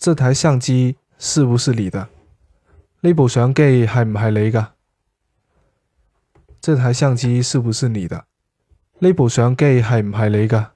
這台相機是不是你的？呢部相機係唔係你㗎？這台相機是不是你的？呢部相機係唔係你㗎？